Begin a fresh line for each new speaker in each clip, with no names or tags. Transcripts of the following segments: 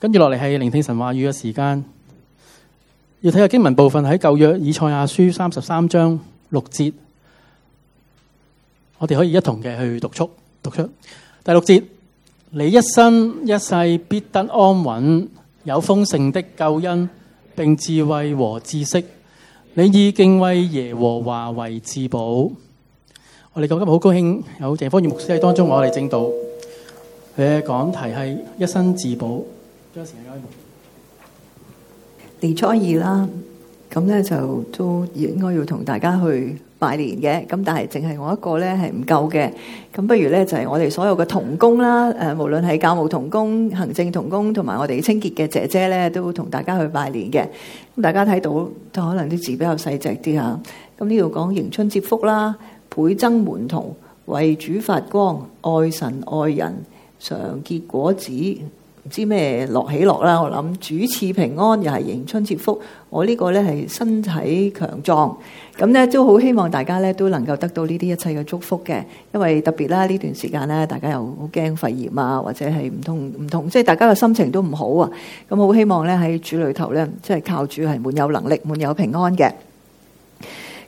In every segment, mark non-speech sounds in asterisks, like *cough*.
跟住落嚟係聆聽神話語嘅時間，要睇下經文部分喺舊約以賽亞書三十三章六節，我哋可以一同嘅去讀出讀出第六節，你一生一世必得安穩，有豐盛的救恩，並智慧和知識。你以敬畏耶和華為至寶。我哋今日好高興有鄭科如牧師喺當中為我哋證道。佢嘅講題係
一生至寶。年初二啦，咁咧就都應該要同大家去拜年嘅。咁但係淨係我一個咧係唔夠嘅，咁不如咧就係我哋所有嘅同工啦，誒，無論係教務同工、行政同工同埋我哋清潔嘅姐姐咧，都同大家去拜年嘅。咁大家睇到，可能啲字比較細隻啲吓。咁呢度講迎春接福啦，倍增門徒，為主發光，愛神愛人，常結果子。唔知咩樂起樂啦，我諗主賜平安又係迎春接福。我呢個咧係身體強壯，咁咧都好希望大家咧都能夠得到呢啲一切嘅祝福嘅。因為特別啦呢段時間咧，大家又好驚肺炎啊，或者係唔同唔同，即係、就是、大家嘅心情都唔好啊。咁好希望咧喺主裏頭咧，即係靠主係滿有能力、滿有平安嘅。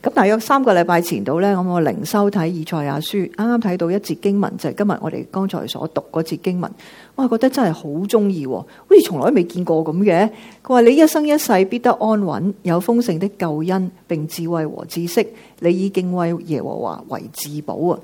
咁大約三個禮拜前度咧，我我靈修睇以賽亞書，啱啱睇到一節經文就係、是、今日我哋剛才所讀嗰節經文，我係覺得真係好中意，好似從來未見過咁嘅。佢話你一生一世必得安穩，有豐盛的救恩，並智慧和知識，你以敬畏耶和華為至寶啊！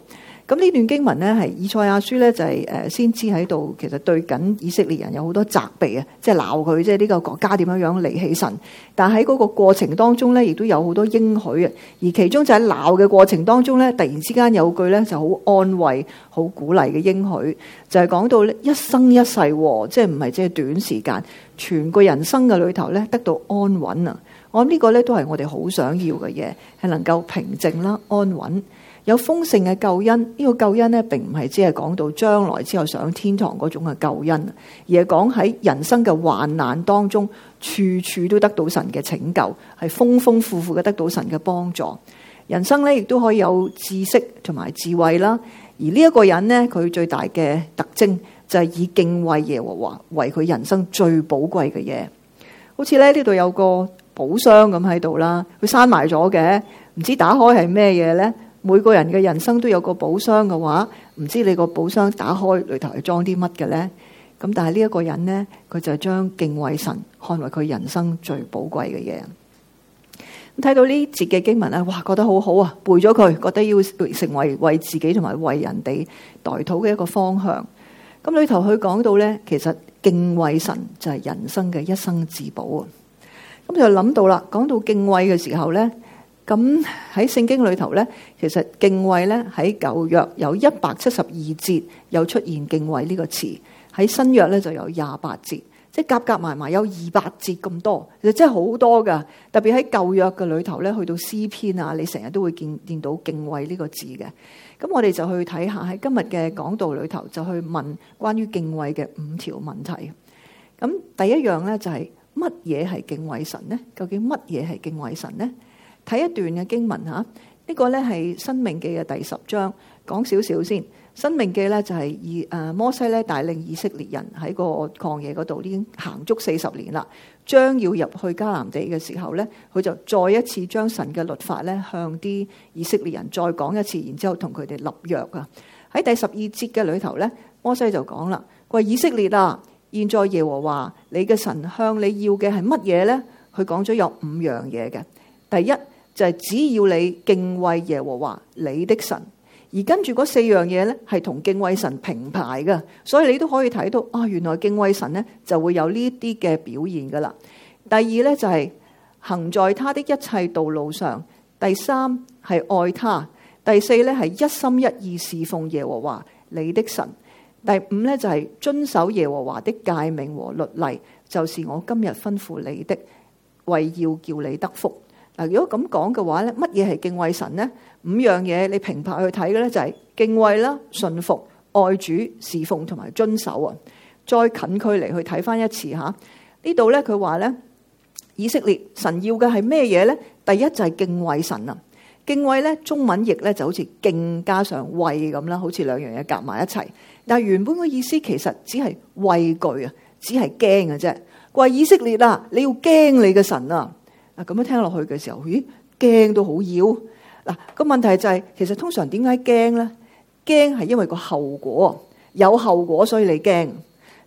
咁呢段經文咧，係以賽亞書咧，就係誒先知喺度，其實對緊以色列人有好多責備啊，即係鬧佢，即係呢個國家點樣樣離棄神。但喺嗰個過程當中咧，亦都有好多應許啊。而其中就喺鬧嘅過程當中咧，突然之間有句咧就好安慰、好鼓勵嘅應許，就係講到咧一生一世，即係唔係即係短時間，全個人生嘅裏頭咧得到安穩啊！我諗呢個咧都係我哋好想要嘅嘢，係能夠平靜啦、安穩。有豐盛嘅救恩，呢個救恩呢，並唔係只係講到將來之後上天堂嗰種嘅救恩，而係講喺人生嘅患難當中，處處都得到神嘅拯救，係豐豐富富嘅得到神嘅幫助。人生咧，亦都可以有知識同埋智慧啦。而呢一個人呢，佢最大嘅特徵就係以敬畏耶和華為佢人生最寶貴嘅嘢。好似咧呢度有個寶箱咁喺度啦，佢閂埋咗嘅，唔知打開係咩嘢咧？每個人嘅人生都有個寶箱嘅話，唔知你個寶箱打開裏頭係裝啲乜嘅咧？咁但係呢一個人咧，佢就將敬畏神看為佢人生最寶貴嘅嘢。睇到呢節嘅經文咧，哇，覺得好好啊，背咗佢，覺得要成為為自己同埋為人哋代禱嘅一個方向。咁裏頭佢講到咧，其實敬畏神就係人生嘅一生至寶啊！咁就諗到啦，講到敬畏嘅時候咧。咁喺聖經裏頭咧，其實敬畏咧喺舊約有一百七十二節有出現敬畏呢個詞，喺新約咧就有廿八節，即係夾夾埋埋有二百節咁多，其實真係好多噶。特別喺舊約嘅裏頭咧，去到詩篇啊，你成日都會見見到敬畏呢個字嘅。咁我哋就去睇下喺今日嘅講道裏頭，就去問關於敬畏嘅五條問題。咁第一樣咧就係乜嘢係敬畏神咧？究竟乜嘢係敬畏神咧？睇一段嘅經文吓，呢、這個咧係《申命記》嘅第十章，講少少先，新是《申命記》咧就係以誒摩西咧帶領以色列人喺個曠野嗰度已經行足四十年啦，將要入去迦南地嘅時候咧，佢就再一次將神嘅律法咧向啲以色列人再講一次，然之後同佢哋立約啊。喺第十二節嘅裏頭咧，摩西就講啦：佢話以色列啊，現在耶和華你嘅神向你要嘅係乜嘢咧？佢講咗有五樣嘢嘅，第一。就係、是、只要你敬畏耶和華你的神，而跟住嗰四樣嘢咧係同敬畏神平排㗎，所以你都可以睇到啊，原來敬畏神咧就會有呢啲嘅表現噶啦。第二咧就係、是、行在他的一切道路上，第三係愛他，第四咧係一心一意侍奉耶和華你的神，第五咧就係、是、遵守耶和華的誡命和律例，就是我今日吩咐你的，為要叫你得福。嗱，如果咁講嘅話咧，乜嘢係敬畏神咧？五樣嘢你平白去睇嘅咧，就係敬畏啦、順服、愛主、侍奉同埋遵守啊。再近距離去睇翻一次嚇，呢度咧佢話咧，以色列神要嘅係咩嘢咧？第一就係敬畏神啊！敬畏咧，中文譯咧就好似敬加上畏咁啦，好似兩樣嘢夾埋一齊。但係原本嘅意思其實只係畏懼啊，只係驚嘅啫。佢話以色列啊，你要驚你嘅神啊！嗱，咁樣聽落去嘅時候，咦驚到好妖！嗱，個問題就係，其實通常點解驚咧？驚係因為個後果，有後果所以你驚。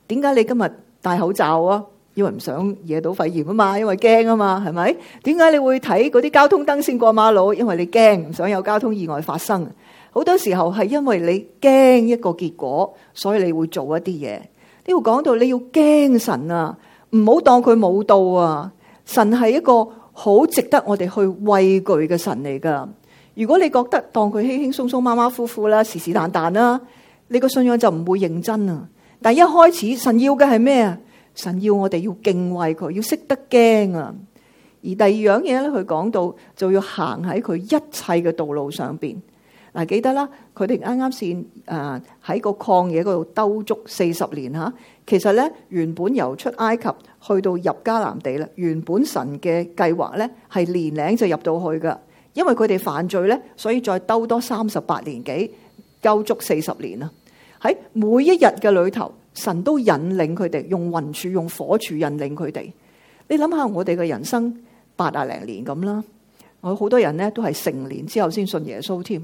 點解你今日戴口罩啊？因為唔想惹到肺炎啊嘛，因為驚啊嘛，係咪？點解你會睇嗰啲交通燈先過馬路？因為你驚，唔想有交通意外發生。好多時候係因為你驚一個結果，所以你會做一啲嘢。呢度講到你要驚神啊，唔好當佢冇到啊。神係一個好值得我哋去畏懼嘅神嚟㗎。如果你覺得當佢輕輕鬆鬆、馬馬虎虎啦、是是但但啦，你個信仰就唔會認真啊。但一開始，神要嘅係咩啊？神要我哋要敬畏佢，要識得驚啊。而第二樣嘢咧，佢講到就要行喺佢一切嘅道路上邊。嗱，記得啦，佢哋啱啱先誒喺個曠野嗰度兜足四十年吓。其實咧，原本由出埃及去到入迦南地咧，原本神嘅計劃咧係年零就入到去㗎。因為佢哋犯罪咧，所以再兜多三十八年幾，兜足四十年啊！喺每一日嘅裏頭，神都引領佢哋用雲柱、用火柱引領佢哋。你諗下，我哋嘅人生八啊零年咁啦，我好多人咧都係成年之後先信耶穌添。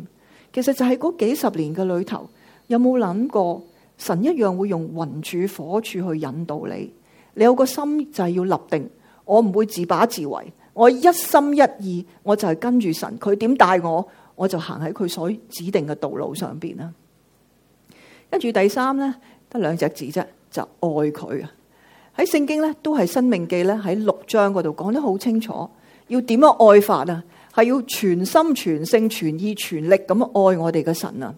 其實就係嗰幾十年嘅裏頭，有冇諗過神一樣會用雲柱火柱去引導你？你有個心就係要立定，我唔會自把自為，我一心一意，我就係跟住神，佢點帶我，我就行喺佢所指定嘅道路上邊啦。跟住第三咧，得兩隻字啫，就係愛佢啊！喺聖經咧，都係申命記咧喺六章嗰度講得好清楚，要點樣愛法啊？係要全心全性全意全力咁愛我哋嘅神啊！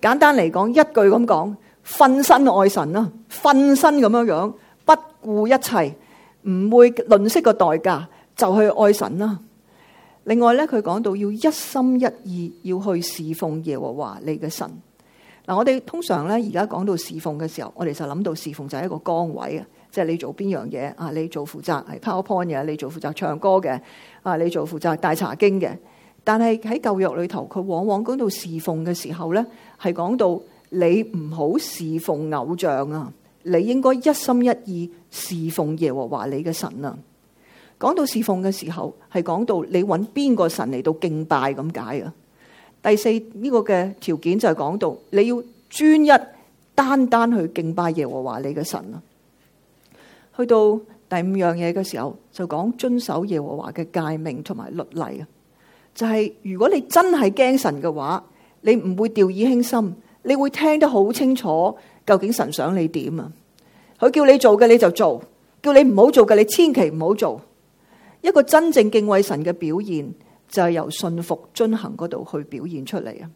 簡單嚟講，一句咁講，瞓身愛神啦、啊，瞓身咁樣樣，不顧一切，唔會吝嗇個代價就去愛神啦、啊。另外咧，佢講到要一心一意要去侍奉耶和華你嘅神。嗱，我哋通常咧而家講到侍奉嘅時候，我哋就諗到侍奉就係一個崗位即係你做邊樣嘢啊？你做負責係 PowerPoint 嘅，你做負責唱歌嘅啊，你做負責大查經嘅。但係喺舊約裏頭，佢往往講到侍奉嘅時候咧，係講到你唔好侍奉偶像啊，你應該一心一意侍奉耶和華你嘅神啊。講到侍奉嘅時候，係講到你搵邊個神嚟到敬拜咁解啊。第四，呢個嘅條件就係講到你要專一單單去敬拜耶和華你嘅神啊。去到第五樣嘢嘅時候，就講遵守耶和華嘅誡命同埋律例啊。就係如果你真係驚神嘅話，你唔會掉以輕心，你會聽得好清楚究竟神想你點啊。佢叫你做嘅你就做，叫你唔好做嘅你千祈唔好做。一個真正敬畏神嘅表現就係由信服遵行嗰度去表現出嚟啊。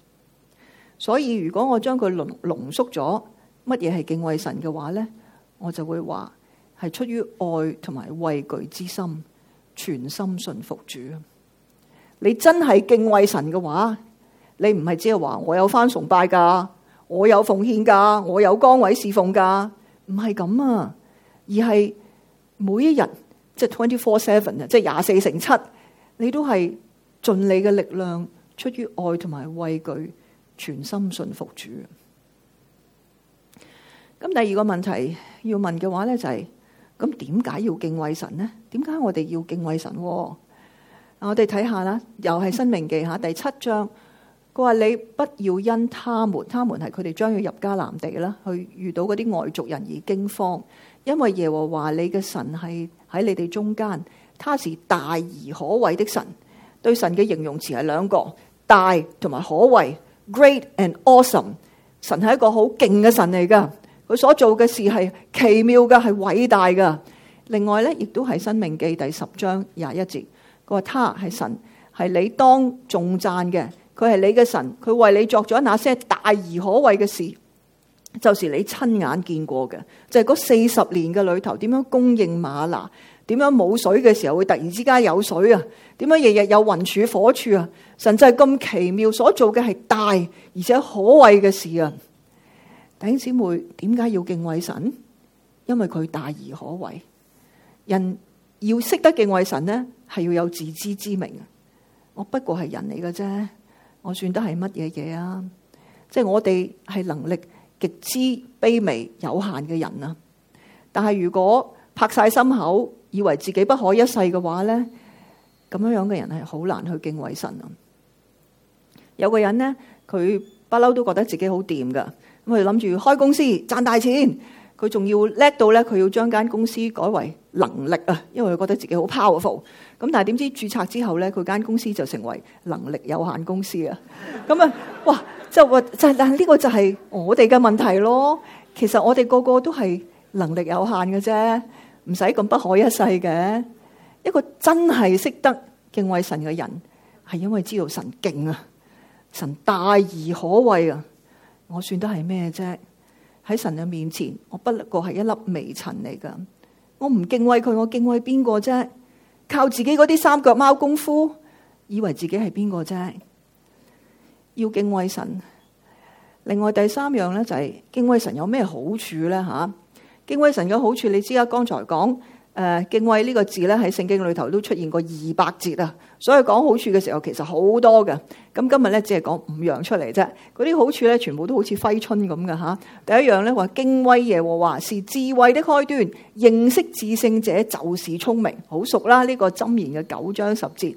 所以如果我將佢濃濃縮咗乜嘢係敬畏神嘅話咧，我就會話。係出於愛同埋畏懼之心，全心信服主。你真係敬畏神嘅話，你唔係只係話我有返崇拜噶，我有奉獻噶，我有崗位侍奉噶，唔係咁啊，而係每一日即係 twenty four seven 啊，即係廿四乘七，你都係盡你嘅力量，出於愛同埋畏懼，全心信服主。咁第二個問題要問嘅話咧，就係、是。咁點解要敬畏神呢？點解我哋要敬畏神？我哋睇下啦，又係申命記下第七章。佢話你不要因他們，他們係佢哋將要入迦南地啦，去遇到嗰啲外族人而驚慌，因為耶和華你嘅神係喺你哋中間，他是大而可畏的神。對神嘅形容詞係兩個大同埋可畏，Great and awesome。神係一個好勁嘅神嚟㗎。佢所做嘅事係奇妙嘅，係偉大嘅。另外咧，亦都係《申命記》第十章廿一節，佢話他係神，係你當眾讚嘅。佢係你嘅神，佢為你作咗那些大而可畏嘅事，就是你親眼見過嘅。就係、是、嗰四十年嘅裏頭，點樣供應嗎哪？點樣冇水嘅時候會突然之間有水啊？點樣日日有雲柱火柱啊？神就係咁奇妙，所做嘅係大而且可畏嘅事啊！頂姊妹，點解要敬畏神？因為佢大而可畏。人要識得敬畏神咧，係要有自知之明啊！我不過係人嚟嘅啫，我算得係乜嘢嘢啊？即係我哋係能力極之卑微，有限嘅人啊！但係如果拍晒心口，以為自己不可一世嘅話咧，咁樣樣嘅人係好難去敬畏神啊！有個人咧，佢不嬲都覺得自己好掂噶。咁佢諗住開公司賺大錢，佢仲要叻到咧，佢要將間公司改為能力啊，因為佢覺得自己好 powerful。咁但係點知註冊之後佢間公司就成為能力有限公司啊。咁 *laughs* 啊，哇，就話，但係呢個就係我哋嘅問題咯。其實我哋個個都係能力有限嘅啫，唔使咁不可一世嘅。一個真係識得敬畏神嘅人，係因為知道神勁啊，神大而可畏啊。我算得係咩啫？喺神嘅面前，我不過係一粒微塵嚟噶。我唔敬畏佢，我敬畏邊個啫？靠自己嗰啲三腳貓功夫，以為自己係邊個啫？要敬畏神。另外第三樣咧就係敬畏神有咩好處咧？吓，敬畏神嘅好處，你知呀，剛才講。誒、啊，敬畏呢個字咧喺聖經裏頭都出現過二百節啊，所以講好處嘅時候其實好多嘅。咁今日咧只係講五樣出嚟啫，嗰啲好處咧全部都好似揮春咁嘅吓。第一樣咧話敬畏耶和華是智慧的開端，認識至聖者就是聰明，好熟啦。呢、這個箴言嘅九章十節誒，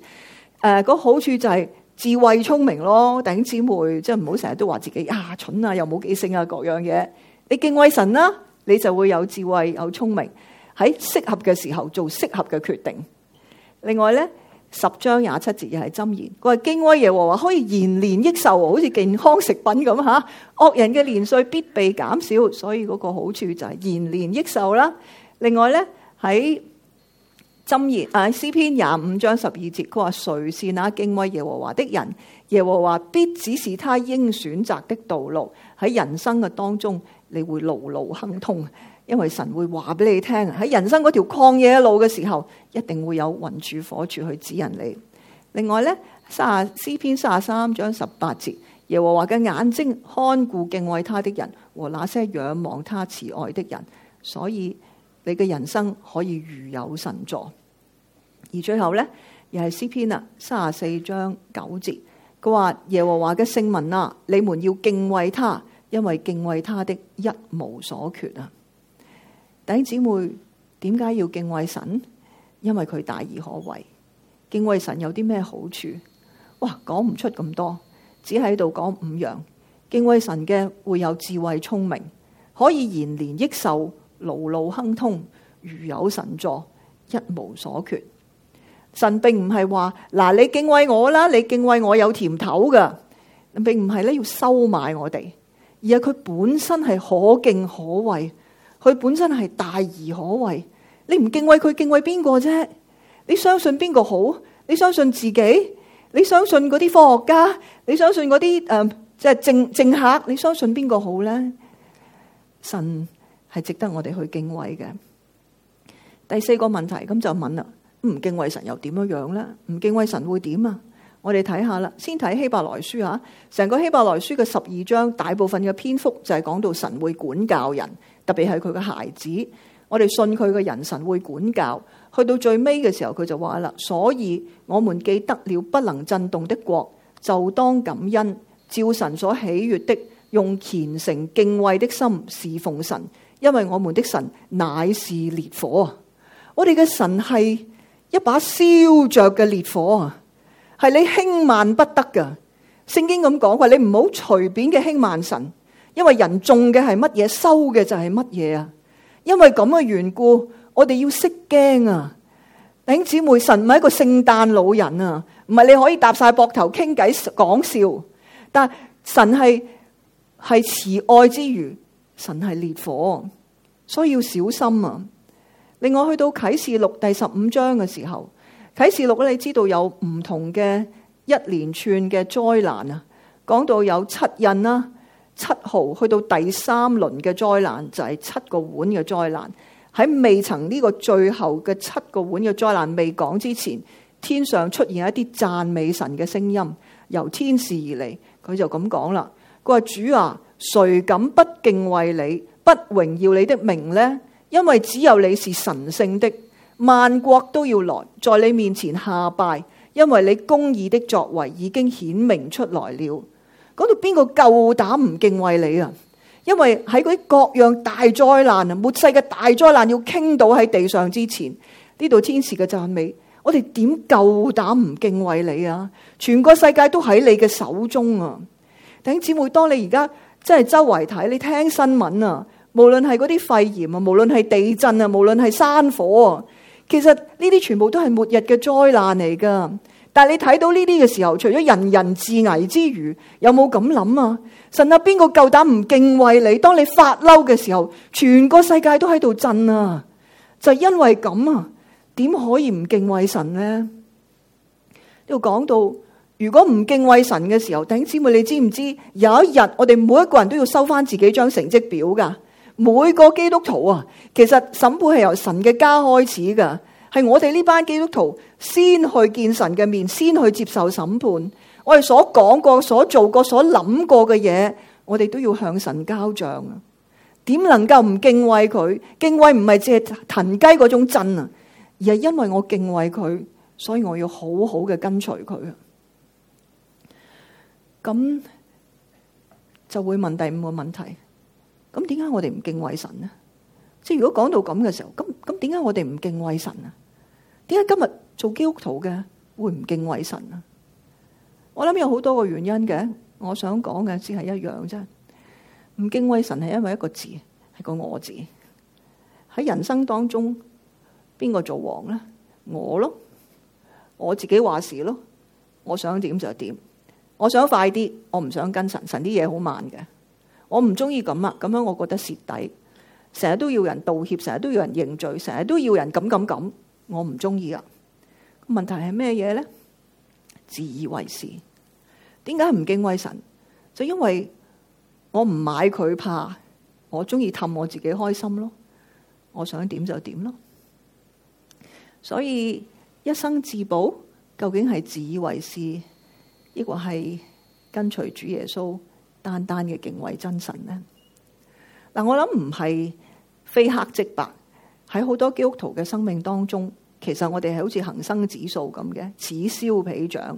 啊，那個，好處就係智慧聰明咯。頂姊妹即係唔好成日都話自己啊蠢啊，又冇記性啊，各樣嘢。你敬畏神啦，你就會有智慧有聰明。喺適合嘅時候做適合嘅決定。另外咧，十章廿七節又係箴言，佢話敬畏耶和華可以延年益壽，好似健康食品咁吓。惡人嘅年歲必被減少，所以嗰個好處就係延年益壽啦。另外咧喺箴言啊，詩篇廿五章十二節，佢話誰善？那敬畏耶和華的人？耶和華必指示他應選擇的道路。喺人生嘅當中，你會路路亨通。因為神會話俾你聽，喺人生嗰條曠野路嘅時候，一定會有雲柱火柱去指引你。另外咧，卅詩篇三十三章十八節，耶和華嘅眼睛看顧敬畏他的人和那些仰望他慈愛的人，所以你嘅人生可以如有神助。而最後咧，又係詩篇啊，三十四章九節，佢話耶和華嘅聖民啊，你們要敬畏他，因為敬畏他的一無所缺啊。弟兄姊妹，點解要敬畏神？因為佢大而可畏。敬畏神有啲咩好處？哇，講唔出咁多，只喺度講五樣。敬畏神嘅會有智慧、聰明，可以延年益壽、路路亨通、如有神助，一無所缺。神並唔係話嗱你敬畏我啦，你敬畏我有甜頭噶。咁並唔係咧要收買我哋，而係佢本身係可敬可畏。佢本身係大而可畏，你唔敬畏佢，敬畏邊個啫？你相信邊個好？你相信自己？你相信嗰啲科學家？你相信嗰啲誒，即係政政客？你相信邊個好咧？神係值得我哋去敬畏嘅。第四個問題咁就問啦，唔敬畏神又點樣樣咧？唔敬畏神會點啊？我哋睇下啦，先睇希伯來書吓，成個希伯來書嘅十二章，大部分嘅篇幅就係講到神會管教人。特別係佢嘅孩子，我哋信佢嘅人，神會管教。去到最尾嘅時候，佢就話啦：所以我們既得了不能震動的國，就當感恩，照神所喜悦的，用虔誠敬畏的心侍奉神。因為我們的神乃是烈火。我哋嘅神係一把燒着嘅烈火啊，係你輕慢不得嘅。聖經咁講，話你唔好隨便嘅輕慢神。因為人種嘅係乜嘢，收嘅就係乜嘢啊！因為咁嘅緣故，我哋要識驚啊！弟兄姊妹，神唔係一個聖誕老人啊，唔係你可以搭晒膊頭傾偈講笑。但神係係慈愛之餘，神係烈火，所以要小心啊！另外去到啟示錄第十五章嘅時候，啟示錄咧，你知道有唔同嘅一連串嘅災難啊，講到有七印啦、啊。七號去到第三輪嘅災難就係、是、七個碗嘅災難。喺未曾呢個最後嘅七個碗嘅災難未講之前，天上出現一啲讚美神嘅聲音，由天使而嚟。佢就咁講啦：佢話主啊，誰敢不敬畏你，不榮耀你的名呢？因為只有你是神聖的，萬國都要來，在你面前下拜，因為你公義的作為已經顯明出來了。嗰度邊個夠膽唔敬畏你啊？因為喺嗰啲各樣大災難啊、末世嘅大災難要傾倒喺地上之前，呢度天使嘅讚美，我哋點夠膽唔敬畏你啊？全個世界都喺你嘅手中啊！弟兄姊妹，當你而家真係周圍睇，你聽新聞啊，無論係嗰啲肺炎啊，無論係地震啊，無論係山火啊，其實呢啲全部都係末日嘅災難嚟噶。但係你睇到呢啲嘅時候，除咗人人自危之馀，有冇咁諗啊？神啊，邊個夠膽唔敬畏你？當你發嬲嘅時候，全個世界都喺度震啊！就因為咁啊，點可以唔敬畏神呢？要講到，如果唔敬畏神嘅時候，弟兄姊妹，你知唔知有一日我哋每一個人都要收翻自己張成績表噶？每個基督徒啊，其實審判係由神嘅家開始噶。係我哋呢班基督徒先去見神嘅面，先去接受審判。我哋所講過、所做過、所諗過嘅嘢，我哋都要向神交賬啊！點能夠唔敬畏佢？敬畏唔係只係騰雞嗰種震啊，而係因為我敬畏佢，所以我要好好嘅跟隨佢啊！咁就會問第五個問題，咁點解我哋唔敬畏神呢？即係如果講到咁嘅時候，咁咁點解我哋唔敬畏神啊？點解今日做基督徒嘅會唔敬畏神啊？我諗有好多個原因嘅，我想講嘅只係一樣啫。唔敬畏神係因為一個字，係個我字。喺人生當中，邊個做王咧？我咯，我自己話事咯，我想點就點，我想快啲，我唔想跟神，神啲嘢好慢嘅，我唔中意咁啊，咁樣我覺得蝕底。成日都要人道歉，成日都要人認罪，成日都要人咁咁咁，我唔中意啊！問題係咩嘢咧？自以為是，點解唔敬畏神？就因為我唔買佢怕，我中意氹我自己開心咯，我想點就點咯。所以一生自保，究竟係自以為是，抑或係跟隨主耶穌單單嘅敬畏真神咧？嗱，我諗唔係。非黑即白喺好多基督徒嘅生命當中，其實我哋係好似恆生指數咁嘅，此消彼長。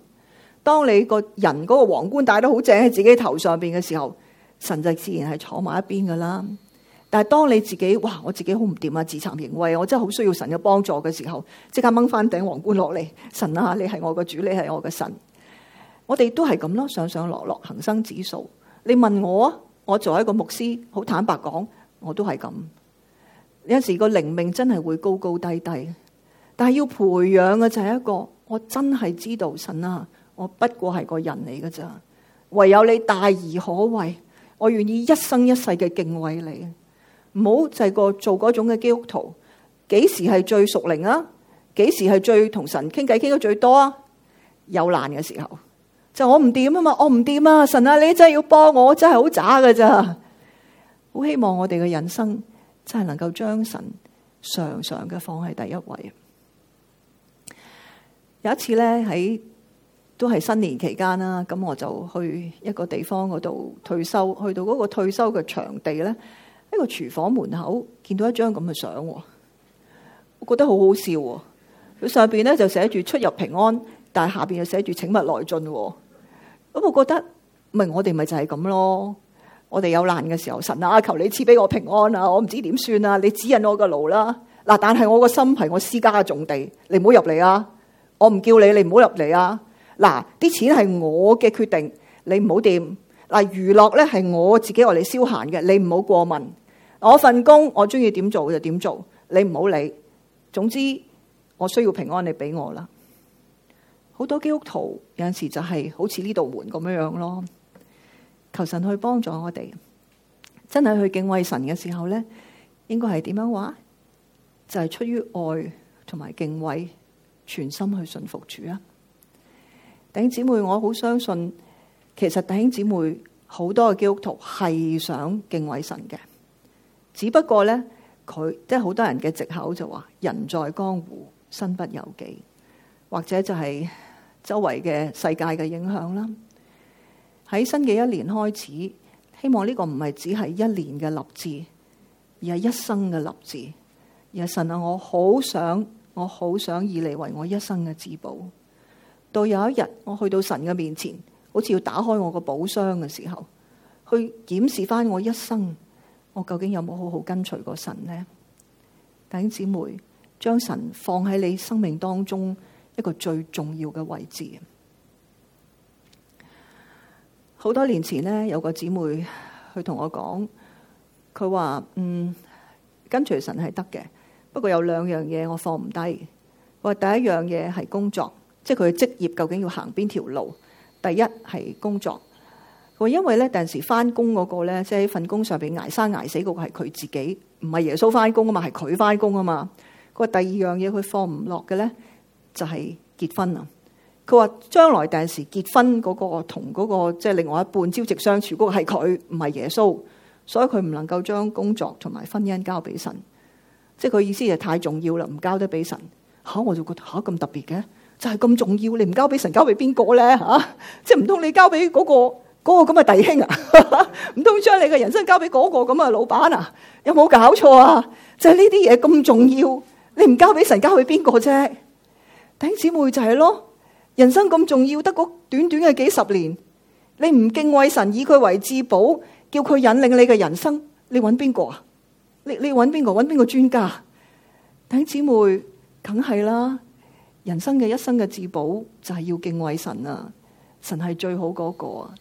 當你個人嗰個皇冠戴得好正喺自己頭上邊嘅時候，神就自然係坐埋一邊噶啦。但係當你自己哇，我自己好唔掂啊，自慚形穢，我真係好需要神嘅幫助嘅時候，即刻掹翻頂皇冠落嚟。神啊，你係我嘅主，你係我嘅神。我哋都係咁咯，上上落落恆生指數。你問我，我作為一個牧師，好坦白講，我都係咁。有陣時個靈命真係會高高低低，但係要培養嘅就係一個，我真係知道神啊，我不過係個人嚟嘅咋，唯有你大而可畏，我願意一生一世嘅敬畏你，唔好就係個做嗰種嘅基督徒。幾時係最屬靈啊？幾時係最同神傾偈傾得最多啊？有難嘅時候，就是，我唔掂啊嘛，我唔掂啊，神啊，你真係要幫我，真係好渣㗎咋，好希望我哋嘅人生真係能夠將神常常嘅，放喺第一位。有一次咧，喺都係新年期間啦，咁我就去一個地方嗰度退修，去到嗰個退修嘅場地咧，喺個廚房門口見到一張咁嘅相，我覺得好好笑喎。佢上邊咧，就寫住出入平安，但係下邊又寫住請勿內進。咁我覺得，咪我哋咪就係咁咯。我哋有難嘅時候，神啊，求你賜俾我平安啊！我唔知點算啊，你指引我個路啦。嗱，但係我個心係我私家嘅重地，你唔好入嚟啊！我唔叫你，你唔好入嚟啊！嗱，啲錢係我嘅決定，你唔好掂。嗱，娛樂咧係我自己我嚟消閒嘅，你唔好過問。我份工我中意點做就點做，你唔好理。總之我需要平安你，你俾我啦。好多基督徒有陣時就係好似呢道門咁樣樣咯。求神去幫助我哋，真係去敬畏神嘅時候咧，應該係點樣話？就係出於愛同埋敬畏，全心去信服主啊！弟兄姊妹，我好相信，其實弟兄姊妹好多嘅基督徒係想敬畏神嘅，只不過咧，佢即係好多人嘅借口就話，人在江湖，身不由己，或者就係周圍嘅世界嘅影響啦。喺新嘅一年開始，希望呢個唔係只係一年嘅立志，而係一生嘅立志。而係神啊，我好想，我好想以你為我一生嘅至寶。到有一日，我去到神嘅面前，好似要打開我個寶箱嘅時候，去檢視返我一生，我究竟有冇好好跟隨過神呢？弟兄姊妹，將神放喺你生命當中一個最重要嘅位置。好多年前呢，有個姐妹去同我講，佢話：嗯，跟隨神係得嘅，不過有兩樣嘢我放唔低。我話第一樣嘢係工作，即係佢嘅職業究竟要行邊條路？第一係工作。我話因為咧，時陣時工嗰陣時返工嗰個呢，即係喺份工上面捱生捱死嗰個係佢自己，唔係耶穌返工啊嘛，係佢返工啊嘛。我話第二樣嘢佢放唔落嘅呢，就係結婚。佢話將來第時結婚嗰個同嗰個即係另外一半朝夕相處嗰個係佢，唔係耶穌，所以佢唔能夠將工作同埋婚姻交俾神，即係佢意思就太重要啦，唔交得俾神嚇。我就覺得嚇咁特別嘅就係咁重要，你唔交俾神交俾邊個咧嚇？即係唔通你交俾嗰個嗰個咁嘅弟兄啊？唔通將你嘅人生交俾嗰個咁嘅老闆啊？有冇搞錯啊？就係呢啲嘢咁重要，你唔交俾神交俾邊個啫？弟兄姊妹就係咯。人生咁重要，得嗰短短嘅幾十年，你唔敬畏神，以佢為至寶，叫佢引領你嘅人生，你揾邊個啊？你你揾邊個？揾邊個專家？弟兄姊妹，梗係啦！人生嘅一生嘅至寶就係、是、要敬畏神啊！神係最好嗰個啊！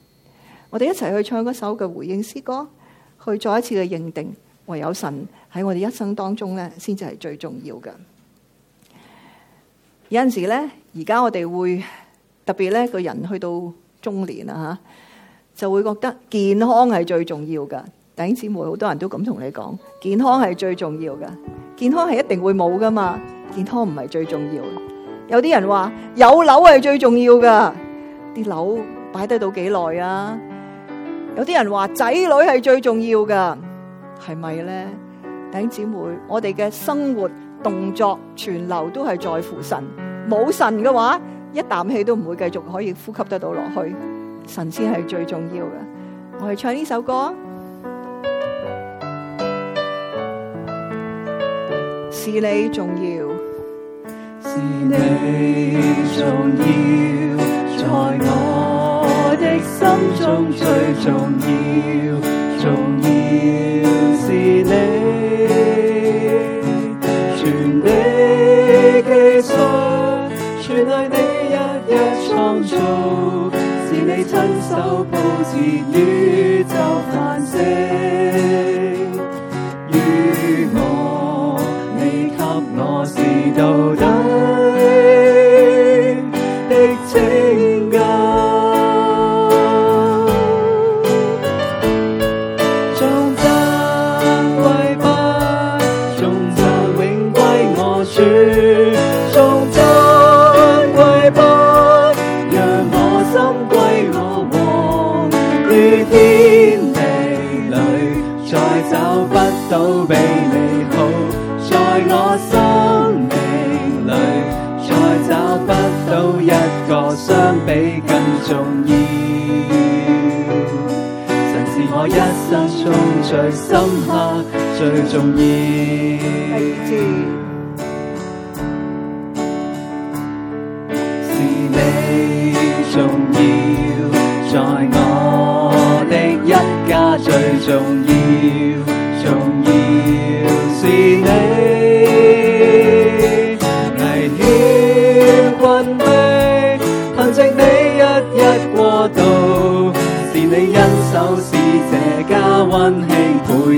我哋一齊去唱嗰首嘅回應詩歌，去再一次嘅認定，唯有神喺我哋一生當中咧，先至係最重要嘅。有陣時咧。而家我哋會特別咧，個人去到中年啊吓，就會覺得健康係最重要噶。弟兄姊妹，好多人都咁同你講，健康係最重要噶。健康係一定會冇噶嘛？健康唔係最重要的。有啲人話有樓係最重要噶，啲樓擺得到幾耐啊？有啲人話仔女係最重要噶，係咪咧？弟兄姊妹，我哋嘅生活、動作、存留都係在乎神。冇神嘅話，一啖氣都唔會繼續可以呼吸得到落去。神先係最重要嘅。我哋唱呢首歌，是你重要，
是你重要，在我的心中最重要，重要是你。是你親手布置宇宙繁星。 *music* 重要，甚至我一生中最深刻、最重要。是你重要，在。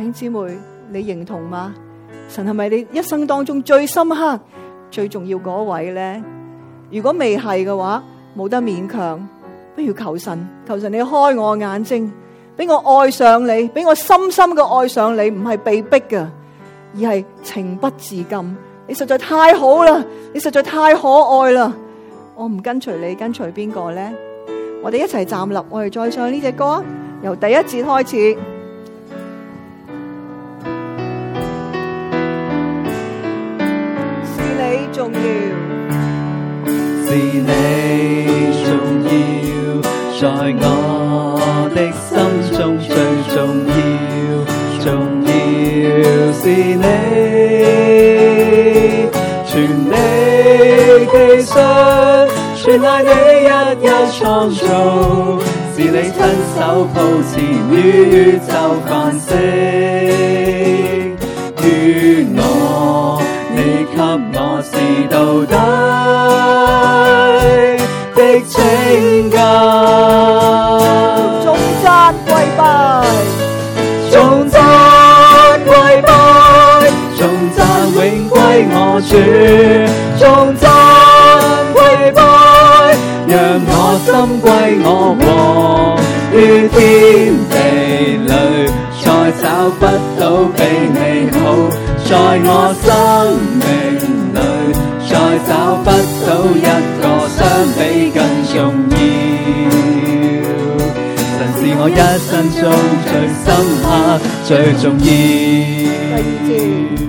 兄姊妹，你認同嗎？神係咪你一生當中最深刻、最重要嗰位呢？如果未係嘅話，冇得勉強，不如求神，求神你開我眼睛，俾我愛上你，俾我深深嘅愛上你，唔係被逼噶，而係情不自禁。你實在太好啦，你實在太可愛啦，我唔跟隨你，跟隨邊個呢？我哋一齊站立，我哋再唱呢隻歌，由第一節開始。重要，
是你重要，在我的心中最重要。重要是你，全力技術，全賴你一一創造，是你親手布置宇宙反射。主，眾讚歸拜，讓我心歸我和於天地裏，再找不到比你好，在我生命裏，再找不到一個相比更重要。神是我一生中最，最深刻、最重要。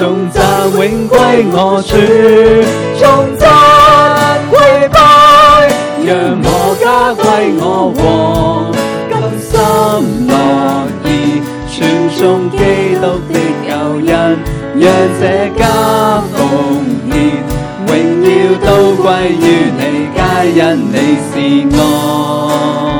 重讚永歸我主，重讚歸拜，讓我家歸我王，甘心樂意傳頌基督的救恩。讓這家奉獻永榮耀都歸於你，皆因你是愛。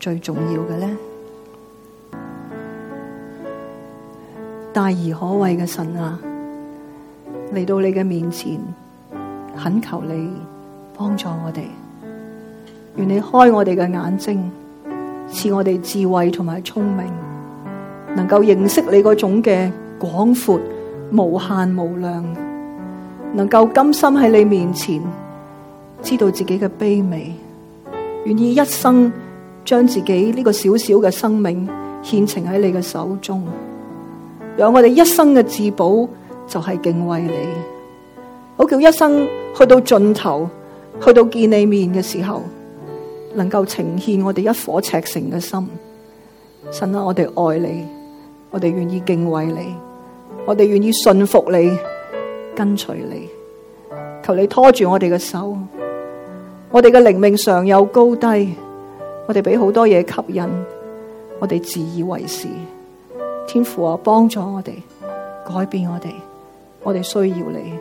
最重要嘅咧，大而可畏嘅神啊，嚟到你嘅面前，懇求你幫助我哋，願你開我哋嘅眼睛，賜我哋智慧同埋聰明，能夠認識你嗰種嘅廣闊、無限、無量，能夠甘心喺你面前，知道自己嘅卑微，願意一生。將自己呢個小小嘅生命獻呈喺你嘅手中，讓我哋一生嘅至寶就係敬畏你。好叫一生去到盡頭，去到見你面嘅時候，能夠呈現我哋一顆赤誠嘅心。神啊，我哋愛你，我哋願意敬畏你，我哋願意信服你，跟隨你。求你拖住我哋嘅手，我哋嘅靈命上有高低。我哋俾好多嘢吸引，我哋自以為是。天父啊，幫助我哋，改變我哋，我哋需要你，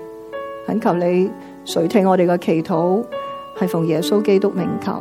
懇求你垂聽我哋嘅祈禱，係奉耶穌基督名求。